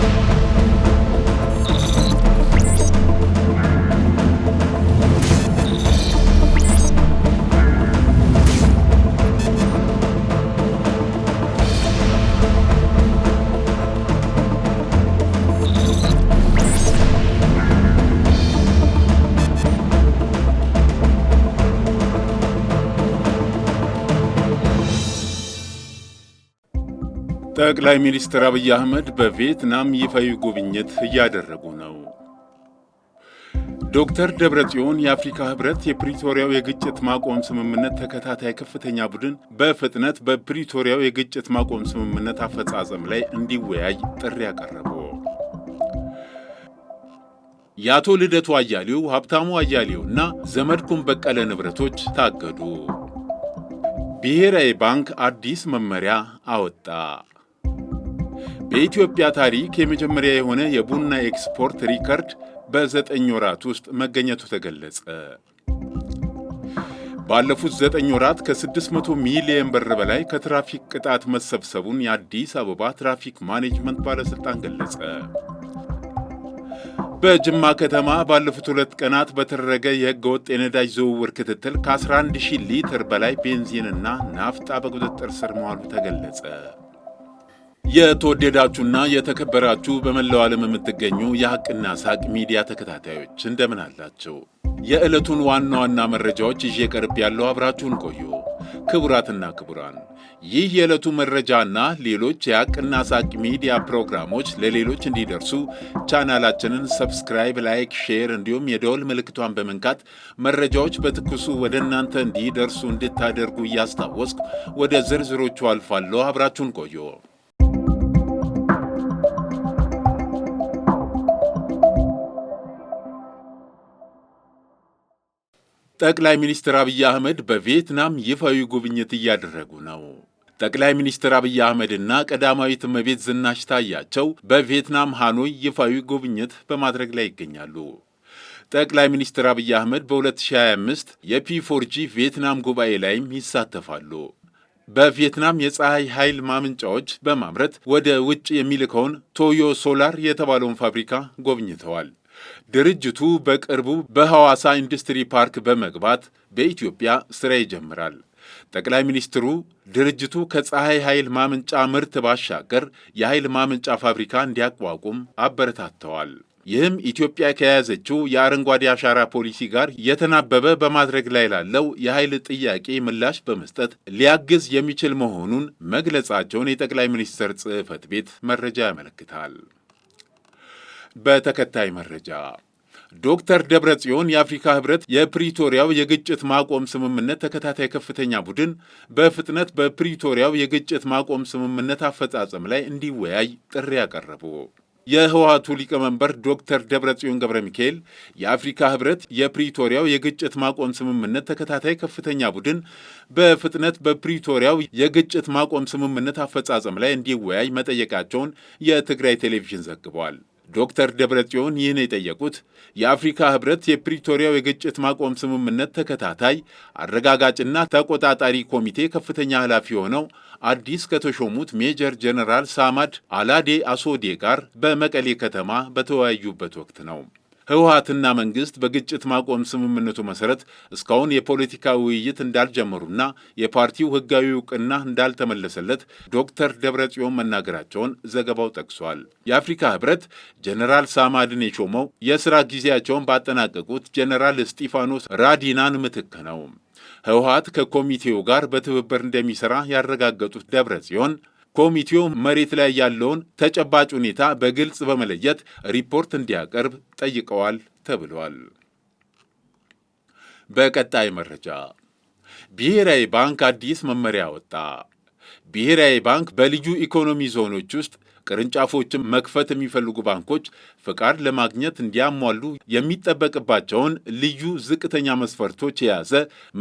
Thank you. ጠቅላይ ሚኒስትር አብይ አህመድ በቪየትናም ይፋዊ ጉብኝት እያደረጉ ነው። ዶክተር ደብረጽዮን የአፍሪካ ህብረት የፕሪቶሪያው የግጭት ማቆም ስምምነት ተከታታይ ከፍተኛ ቡድን በፍጥነት በፕሪቶሪያው የግጭት ማቆም ስምምነት አፈጻጸም ላይ እንዲወያይ ጥሪ አቀረቡ። የአቶ ልደቱ አያሌው፣ ሀብታሙ አያሌው እና ዘመድኩን በቀለ ንብረቶች ታገዱ። ብሔራዊ ባንክ አዲስ መመሪያ አወጣ። በኢትዮጵያ ታሪክ የመጀመሪያ የሆነ የቡና ኤክስፖርት ሪከርድ በዘጠኝ ወራት ውስጥ መገኘቱ ተገለጸ። ባለፉት ዘጠኝ ወራት ከ600 ሚሊየን ብር በላይ ከትራፊክ ቅጣት መሰብሰቡን የአዲስ አበባ ትራፊክ ማኔጅመንት ባለሥልጣን ገለጸ። በጅማ ከተማ ባለፉት ሁለት ቀናት በተደረገ የህገወጥ የነዳጅ ዝውውር ክትትል ከ11 ሺህ ሊትር በላይ ቤንዚንና ናፍጣ በቁጥጥር ስር መዋሉ ተገለጸ። የተወደዳችሁና የተከበራችሁ በመላው ዓለም የምትገኙ የሐቅና ሳቅ ሚዲያ ተከታታዮች እንደምን አላቸው? የዕለቱን ዋና ዋና መረጃዎች ይዤ ቀርብ ያለው አብራችሁን ቆዩ። ክቡራትና ክቡራን ይህ የዕለቱ መረጃና ሌሎች የሐቅና ሳቅ ሚዲያ ፕሮግራሞች ለሌሎች እንዲደርሱ ቻናላችንን ሰብስክራይብ፣ ላይክ፣ ሼር እንዲሁም የደወል ምልክቷን በመንካት መረጃዎች በትኩሱ ወደ እናንተ እንዲደርሱ እንድታደርጉ እያስታወስኩ ወደ ዝርዝሮቹ አልፋለሁ። አብራችሁን ቆዩ። ጠቅላይ ሚኒስትር አብይ አህመድ በቪየትናም ይፋዊ ጉብኝት እያደረጉ ነው። ጠቅላይ ሚኒስትር አብይ አህመድና ቀዳማዊት እመቤት ዝናሽ ታያቸው በቪየትናም ሃኖይ ይፋዊ ጉብኝት በማድረግ ላይ ይገኛሉ። ጠቅላይ ሚኒስትር አብይ አህመድ በ2025 የፒ4ጂ ቪየትናም ጉባኤ ላይም ይሳተፋሉ። በቪየትናም የፀሐይ ኃይል ማምንጫዎች በማምረት ወደ ውጭ የሚልከውን ቶዮ ሶላር የተባለውን ፋብሪካ ጎብኝተዋል። ድርጅቱ በቅርቡ በሐዋሳ ኢንዱስትሪ ፓርክ በመግባት በኢትዮጵያ ስራ ይጀምራል። ጠቅላይ ሚኒስትሩ ድርጅቱ ከፀሐይ ኃይል ማመንጫ ምርት ባሻገር የኃይል ማመንጫ ፋብሪካ እንዲያቋቁም አበረታተዋል። ይህም ኢትዮጵያ ከያዘችው የአረንጓዴ አሻራ ፖሊሲ ጋር የተናበበ በማድረግ ላይ ላለው የኃይል ጥያቄ ምላሽ በመስጠት ሊያግዝ የሚችል መሆኑን መግለጻቸውን የጠቅላይ ሚኒስትር ጽሕፈት ቤት መረጃ ያመለክታል። በተከታይ መረጃ ዶክተር ደብረ ጽዮን የአፍሪካ ህብረት የፕሪቶሪያው የግጭት ማቆም ስምምነት ተከታታይ ከፍተኛ ቡድን በፍጥነት በፕሪቶሪያው የግጭት ማቆም ስምምነት አፈጻጸም ላይ እንዲወያይ ጥሪ አቀረቡ። የህወሀቱ ሊቀመንበር ዶክተር ደብረ ጽዮን ገብረ ሚካኤል የአፍሪካ ህብረት የፕሪቶሪያው የግጭት ማቆም ስምምነት ተከታታይ ከፍተኛ ቡድን በፍጥነት በፕሪቶሪያው የግጭት ማቆም ስምምነት አፈጻጸም ላይ እንዲወያይ መጠየቃቸውን የትግራይ ቴሌቪዥን ዘግቧል። ዶክተር ደብረጽዮን ይህን የጠየቁት የአፍሪካ ህብረት የፕሪቶሪያው የግጭት ማቆም ስምምነት ተከታታይ አረጋጋጭና ተቆጣጣሪ ኮሚቴ ከፍተኛ ኃላፊ የሆነው አዲስ ከተሾሙት ሜጀር ጀነራል ሳማድ አላዴ አሶዴ ጋር በመቀሌ ከተማ በተወያዩበት ወቅት ነው። ህወሀትና መንግስት በግጭት ማቆም ስምምነቱ መሰረት እስካሁን የፖለቲካ ውይይት እንዳልጀመሩና የፓርቲው ህጋዊ እውቅና እንዳልተመለሰለት ዶክተር ደብረጽዮን መናገራቸውን ዘገባው ጠቅሷል። የአፍሪካ ህብረት ጀኔራል ሳማድን የሾመው የስራ ጊዜያቸውን ባጠናቀቁት ጀኔራል እስጢፋኖስ ራዲናን ምትክ ነው። ህወሀት ከኮሚቴው ጋር በትብብር እንደሚሰራ ያረጋገጡት ደብረ ጽዮን ኮሚቴው መሬት ላይ ያለውን ተጨባጭ ሁኔታ በግልጽ በመለየት ሪፖርት እንዲያቀርብ ጠይቀዋል ተብሏል። በቀጣይ መረጃ ብሔራዊ ባንክ አዲስ መመሪያ ወጣ። ብሔራዊ ባንክ በልዩ ኢኮኖሚ ዞኖች ውስጥ ቅርንጫፎችን መክፈት የሚፈልጉ ባንኮች ፍቃድ ለማግኘት እንዲያሟሉ የሚጠበቅባቸውን ልዩ ዝቅተኛ መስፈርቶች የያዘ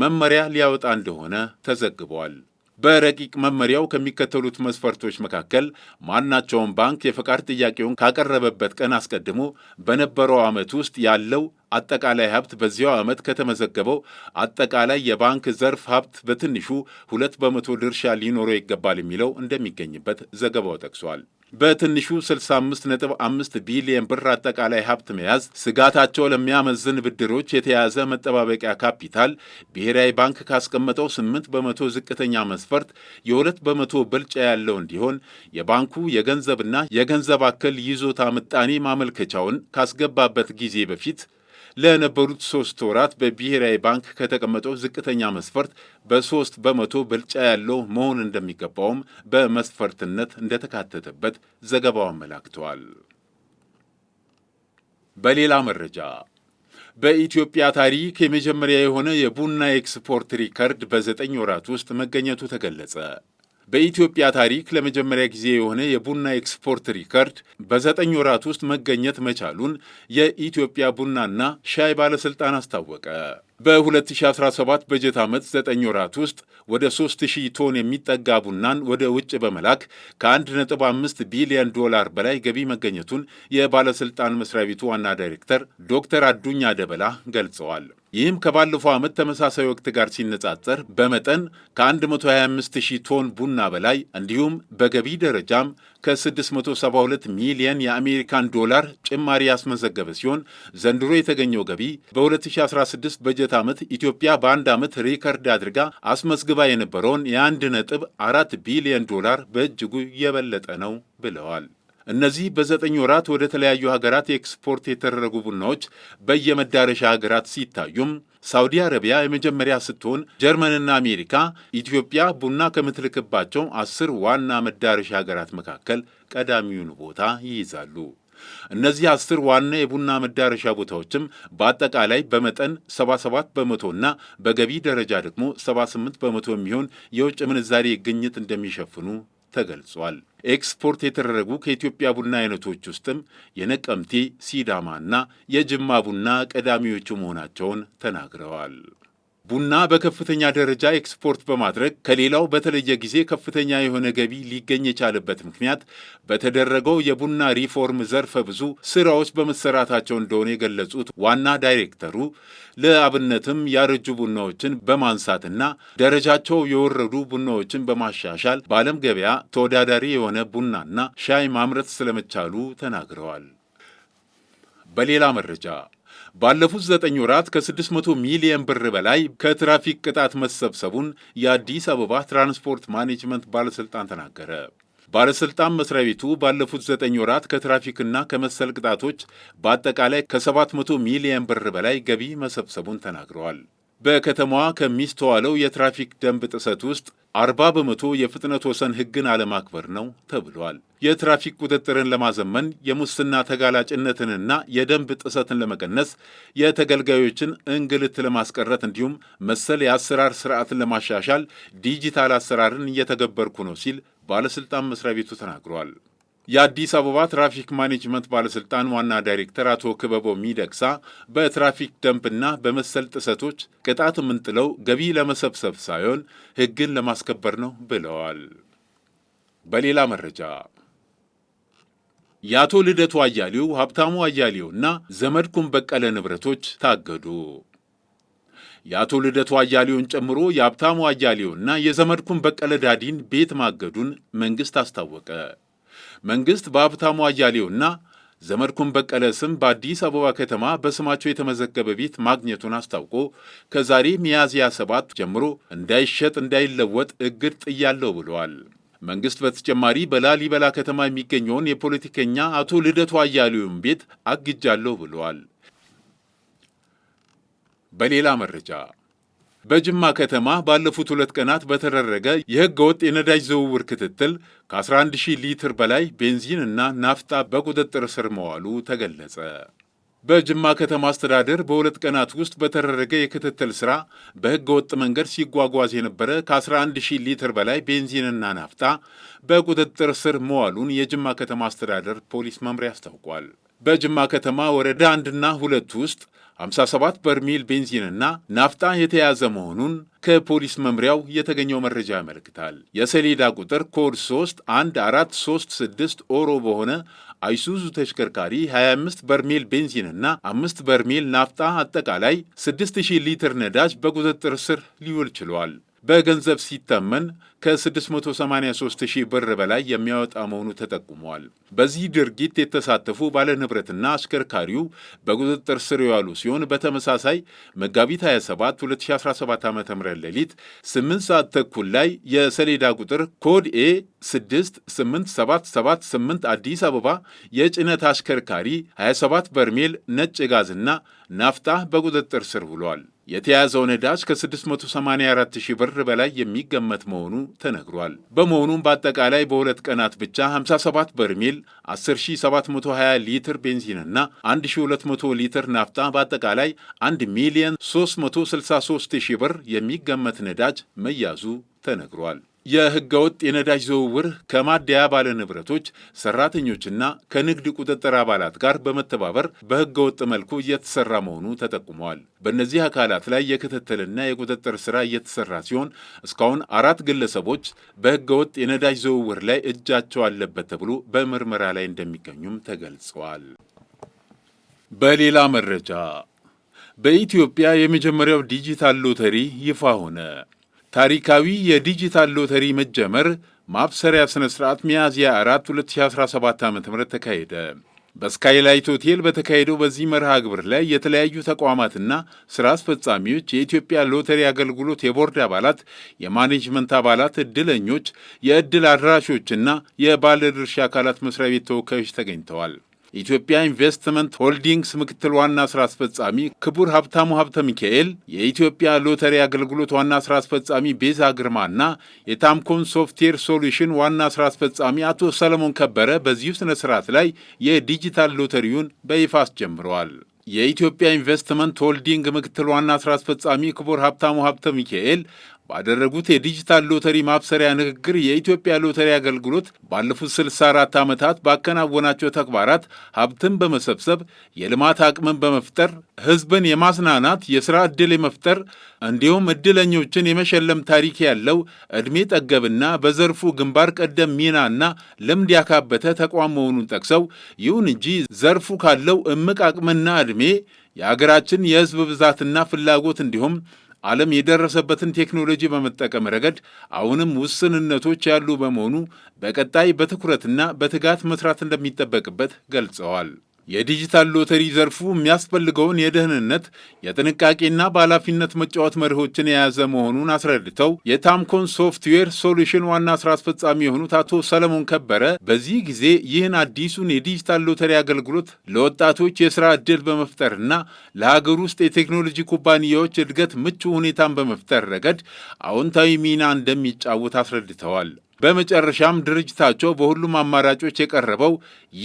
መመሪያ ሊያወጣ እንደሆነ ተዘግቧል። በረቂቅ መመሪያው ከሚከተሉት መስፈርቶች መካከል ማናቸውም ባንክ የፈቃድ ጥያቄውን ካቀረበበት ቀን አስቀድሞ በነበረው ዓመት ውስጥ ያለው አጠቃላይ ሀብት በዚያው ዓመት ከተመዘገበው አጠቃላይ የባንክ ዘርፍ ሀብት በትንሹ ሁለት በመቶ ድርሻ ሊኖረው ይገባል የሚለው እንደሚገኝበት ዘገባው ጠቅሷል። በትንሹ 65.5 ቢሊየን ብር አጠቃላይ ሀብት መያዝ፣ ስጋታቸው ለሚያመዝን ብድሮች የተያዘ መጠባበቂያ ካፒታል፣ ብሔራዊ ባንክ ካስቀመጠው 8 በመቶ ዝቅተኛ መስፈርት የ2 በመቶ ብልጫ ያለው እንዲሆን የባንኩ የገንዘብና የገንዘብ አክል ይዞታ ምጣኔ ማመልከቻውን ካስገባበት ጊዜ በፊት ለነበሩት ሶስት ወራት በብሔራዊ ባንክ ከተቀመጠው ዝቅተኛ መስፈርት በሶስት በመቶ ብልጫ ያለው መሆን እንደሚገባውም በመስፈርትነት እንደተካተተበት ዘገባው አመላክተዋል። በሌላ መረጃ በኢትዮጵያ ታሪክ የመጀመሪያ የሆነ የቡና ኤክስፖርት ሪከርድ በዘጠኝ ወራት ውስጥ መገኘቱ ተገለጸ። በኢትዮጵያ ታሪክ ለመጀመሪያ ጊዜ የሆነ የቡና ኤክስፖርት ሪከርድ በዘጠኝ ወራት ውስጥ መገኘት መቻሉን የኢትዮጵያ ቡናና ሻይ ባለሥልጣን አስታወቀ። በ2017 በጀት ዓመት 9 ወራት ውስጥ ወደ 3000 ቶን የሚጠጋ ቡናን ወደ ውጭ በመላክ ከ1.5 ቢሊዮን ዶላር በላይ ገቢ መገኘቱን የባለሥልጣን መስሪያ ቤቱ ዋና ዳይሬክተር ዶክተር አዱኛ ደበላ ገልጸዋል። ይህም ከባለፈው ዓመት ተመሳሳይ ወቅት ጋር ሲነጻጸር በመጠን ከ 125000 ቶን ቡና በላይ እንዲሁም በገቢ ደረጃም ከ672 ሚሊየን የአሜሪካን ዶላር ጭማሪ ያስመዘገበ ሲሆን ዘንድሮ የተገኘው ገቢ በ2016 በጀት ዓመት ኢትዮጵያ በአንድ ዓመት ሪከርድ አድርጋ አስመዝግባ የነበረውን የ1 ነጥብ 4 ቢሊየን ዶላር በእጅጉ የበለጠ ነው ብለዋል። እነዚህ በዘጠኝ ወራት ወደ ተለያዩ ሀገራት ኤክስፖርት የተደረጉ ቡናዎች በየመዳረሻ ሀገራት ሲታዩም ሳውዲ አረቢያ የመጀመሪያ ስትሆን ጀርመንና አሜሪካ ኢትዮጵያ ቡና ከምትልክባቸው አስር ዋና መዳረሻ ሀገራት መካከል ቀዳሚውን ቦታ ይይዛሉ። እነዚህ አስር ዋና የቡና መዳረሻ ቦታዎችም በአጠቃላይ በመጠን 77 በመቶና በገቢ ደረጃ ደግሞ 78 በመቶ የሚሆን የውጭ ምንዛሬ ግኝት እንደሚሸፍኑ ተገልጿል። ኤክስፖርት የተደረጉ ከኢትዮጵያ ቡና አይነቶች ውስጥም የነቀምቴ፣ ሲዳማና የጅማ ቡና ቀዳሚዎቹ መሆናቸውን ተናግረዋል። ቡና በከፍተኛ ደረጃ ኤክስፖርት በማድረግ ከሌላው በተለየ ጊዜ ከፍተኛ የሆነ ገቢ ሊገኝ የቻለበት ምክንያት በተደረገው የቡና ሪፎርም ዘርፈ ብዙ ስራዎች በመሰራታቸው እንደሆነ የገለጹት ዋና ዳይሬክተሩ ለአብነትም ያረጁ ቡናዎችን በማንሳትና ደረጃቸው የወረዱ ቡናዎችን በማሻሻል በዓለም ገበያ ተወዳዳሪ የሆነ ቡናና ሻይ ማምረት ስለመቻሉ ተናግረዋል። በሌላ መረጃ ባለፉት ዘጠኝ ወራት ከ600 ሚሊየን ብር በላይ ከትራፊክ ቅጣት መሰብሰቡን የአዲስ አበባ ትራንስፖርት ማኔጅመንት ባለሥልጣን ተናገረ። ባለሥልጣን መስሪያ ቤቱ ባለፉት ዘጠኝ ወራት ከትራፊክና ከመሰል ቅጣቶች በአጠቃላይ ከ700 ሚሊየን ብር በላይ ገቢ መሰብሰቡን ተናግረዋል። በከተማዋ ከሚስተዋለው የትራፊክ ደንብ ጥሰት ውስጥ አርባ በመቶ የፍጥነት ወሰን ሕግን አለማክበር ነው ተብሏል። የትራፊክ ቁጥጥርን ለማዘመን የሙስና ተጋላጭነትንና የደንብ ጥሰትን ለመቀነስ የተገልጋዮችን እንግልት ለማስቀረት እንዲሁም መሰል የአሰራር ስርዓትን ለማሻሻል ዲጂታል አሰራርን እየተገበርኩ ነው ሲል ባለሥልጣን መስሪያ ቤቱ ተናግሯል። የአዲስ አበባ ትራፊክ ማኔጅመንት ባለስልጣን ዋና ዳይሬክተር አቶ ክበቦ ሚደግሳ በትራፊክ ደንብና በመሰል ጥሰቶች ቅጣት የምንጥለው ገቢ ለመሰብሰብ ሳይሆን ሕግን ለማስከበር ነው ብለዋል። በሌላ መረጃ የአቶ ልደቱ አያሌው፣ ሀብታሙ አያሌውና ዘመድኩን በቀለ ንብረቶች ታገዱ። የአቶ ልደቱ አያሌውን ጨምሮ የሀብታሙ አያሌውና የዘመድኩን በቀለ ዳዲን ቤት ማገዱን መንግሥት አስታወቀ። መንግስት በሀብታሙ አያሌውና ዘመድኩን በቀለ ስም በአዲስ አበባ ከተማ በስማቸው የተመዘገበ ቤት ማግኘቱን አስታውቆ ከዛሬ ሚያዝያ ሰባት ጀምሮ እንዳይሸጥ እንዳይለወጥ እግድ ጥያለሁ ብለዋል። መንግስት በተጨማሪ በላሊበላ ከተማ የሚገኘውን የፖለቲከኛ አቶ ልደቱ አያሌውን ቤት አግጃለሁ ብለዋል። በሌላ መረጃ በጅማ ከተማ ባለፉት ሁለት ቀናት በተደረገ የህገ ወጥ የነዳጅ ዝውውር ክትትል ከ11 ሺህ ሊትር በላይ ቤንዚን እና ናፍጣ በቁጥጥር ስር መዋሉ ተገለጸ። በጅማ ከተማ አስተዳደር በሁለት ቀናት ውስጥ በተደረገ የክትትል ስራ በህገ ወጥ መንገድ ሲጓጓዝ የነበረ ከ11 ሺህ ሊትር በላይ ቤንዚንና ናፍጣ በቁጥጥር ስር መዋሉን የጅማ ከተማ አስተዳደር ፖሊስ መምሪያ አስታውቋል። በጅማ ከተማ ወረዳ አንድና ሁለት ውስጥ 57 በርሜል ቤንዚንና ናፍጣ የተያዘ መሆኑን ከፖሊስ መምሪያው የተገኘው መረጃ ያመለክታል። የሰሌዳ ቁጥር ኮድ 3 1 4 3 6 ኦሮ በሆነ አይሱዙ ተሽከርካሪ 25 በርሜል ቤንዚንና 5 በርሜል ናፍጣ አጠቃላይ 6000 ሊትር ነዳጅ በቁጥጥር ስር ሊውል ችሏል። በገንዘብ ሲተመን ከ683 ሺህ ብር በላይ የሚያወጣ መሆኑ ተጠቁመዋል። በዚህ ድርጊት የተሳተፉ ባለንብረትና አሽከርካሪው በቁጥጥር ስር የዋሉ ሲሆን በተመሳሳይ መጋቢት 27 2017 ዓ ም ሌሊት 8 ሰዓት ተኩል ላይ የሰሌዳ ቁጥር ኮድ ኤ 68778 አዲስ አበባ የጭነት አሽከርካሪ 27 በርሜል ነጭ ጋዝና ናፍጣ በቁጥጥር ስር ውሏል። የተያዘው ነዳጅ ከ684 ሺህ ብር በላይ የሚገመት መሆኑ ተነግሯል። በመሆኑም በአጠቃላይ በሁለት ቀናት ብቻ 57 በርሜል 10720 ሊትር ቤንዚንና 1200 ሊትር ናፍጣ በአጠቃላይ 1 ሚሊዮን 363 ሺህ ብር የሚገመት ነዳጅ መያዙ ተነግሯል። የህገወጥ የነዳጅ ዝውውር ከማደያ ባለ ንብረቶች ሰራተኞችና ከንግድ ቁጥጥር አባላት ጋር በመተባበር በህገወጥ መልኩ እየተሰራ መሆኑ ተጠቁመዋል። በእነዚህ አካላት ላይ የክትትልና የቁጥጥር ስራ እየተሰራ ሲሆን እስካሁን አራት ግለሰቦች በህገወጥ የነዳጅ ዝውውር ላይ እጃቸው አለበት ተብሎ በምርመራ ላይ እንደሚገኙም ተገልጸዋል። በሌላ መረጃ በኢትዮጵያ የመጀመሪያው ዲጂታል ሎተሪ ይፋ ሆነ። ታሪካዊ የዲጂታል ሎተሪ መጀመር ማብሰሪያ ስነ ስርዓት ሚያዝያ 4 2017 ዓ ም ተካሄደ። በስካይላይት ሆቴል በተካሄደው በዚህ መርሃ ግብር ላይ የተለያዩ ተቋማትና ስራ አስፈጻሚዎች፣ የኢትዮጵያ ሎተሪ አገልግሎት የቦርድ አባላት፣ የማኔጅመንት አባላት፣ እድለኞች፣ የእድል አድራሾችና የባለድርሻ አካላት መስሪያ ቤት ተወካዮች ተገኝተዋል። የኢትዮጵያ ኢንቨስትመንት ሆልዲንግስ ምክትል ዋና ስራ አስፈጻሚ ክቡር ሀብታሙ ሀብተ ሚካኤል፣ የኢትዮጵያ ሎተሪ አገልግሎት ዋና ስራ አስፈጻሚ ቤዛ ግርማና የታምኮን ሶፍትዌር ሶሉሽን ዋና ስራ አስፈጻሚ አቶ ሰለሞን ከበረ በዚሁ ስነ ስርዓት ላይ የዲጂታል ሎተሪውን በይፋ አስጀምረዋል። የኢትዮጵያ ኢንቨስትመንት ሆልዲንግ ምክትል ዋና ስራ አስፈጻሚ ክቡር ሀብታሙ ሀብተ ሚካኤል ባደረጉት የዲጂታል ሎተሪ ማብሰሪያ ንግግር የኢትዮጵያ ሎተሪ አገልግሎት ባለፉት 64 ዓመታት ባከናወናቸው ተግባራት ሀብትን በመሰብሰብ የልማት አቅምን በመፍጠር ሕዝብን የማዝናናት የሥራ ዕድል የመፍጠር እንዲሁም ዕድለኞችን የመሸለም ታሪክ ያለው ዕድሜ ጠገብና በዘርፉ ግንባር ቀደም ሚናና ልምድ ያካበተ ተቋም መሆኑን ጠቅሰው ይሁን እንጂ ዘርፉ ካለው እምቅ አቅምና ዕድሜ የአገራችን የሕዝብ ብዛትና ፍላጎት እንዲሁም ዓለም የደረሰበትን ቴክኖሎጂ በመጠቀም ረገድ አሁንም ውስንነቶች ያሉ በመሆኑ በቀጣይ በትኩረትና በትጋት መስራት እንደሚጠበቅበት ገልጸዋል። የዲጂታል ሎተሪ ዘርፉ የሚያስፈልገውን የደህንነት የጥንቃቄና በኃላፊነት መጫወት መርሆችን የያዘ መሆኑን አስረድተው የታምኮን ሶፍትዌር ሶሉሽን ዋና ስራ አስፈጻሚ የሆኑት አቶ ሰለሞን ከበረ በዚህ ጊዜ ይህን አዲሱን የዲጂታል ሎተሪ አገልግሎት ለወጣቶች የስራ ዕድል በመፍጠርና ለሀገር ውስጥ የቴክኖሎጂ ኩባንያዎች እድገት ምቹ ሁኔታን በመፍጠር ረገድ አዎንታዊ ሚና እንደሚጫወት አስረድተዋል። በመጨረሻም ድርጅታቸው በሁሉም አማራጮች የቀረበው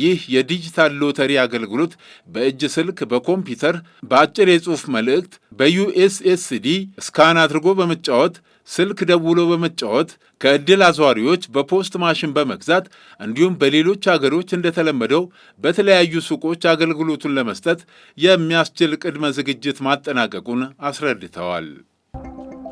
ይህ የዲጂታል ሎተሪ አገልግሎት በእጅ ስልክ፣ በኮምፒውተር፣ በአጭር የጽሑፍ መልእክት፣ በዩኤስኤስዲ ስካን አድርጎ በመጫወት ስልክ ደውሎ በመጫወት ከእድል አዟሪዎች በፖስት ማሽን በመግዛት እንዲሁም በሌሎች አገሮች እንደተለመደው በተለያዩ ሱቆች አገልግሎቱን ለመስጠት የሚያስችል ቅድመ ዝግጅት ማጠናቀቁን አስረድተዋል።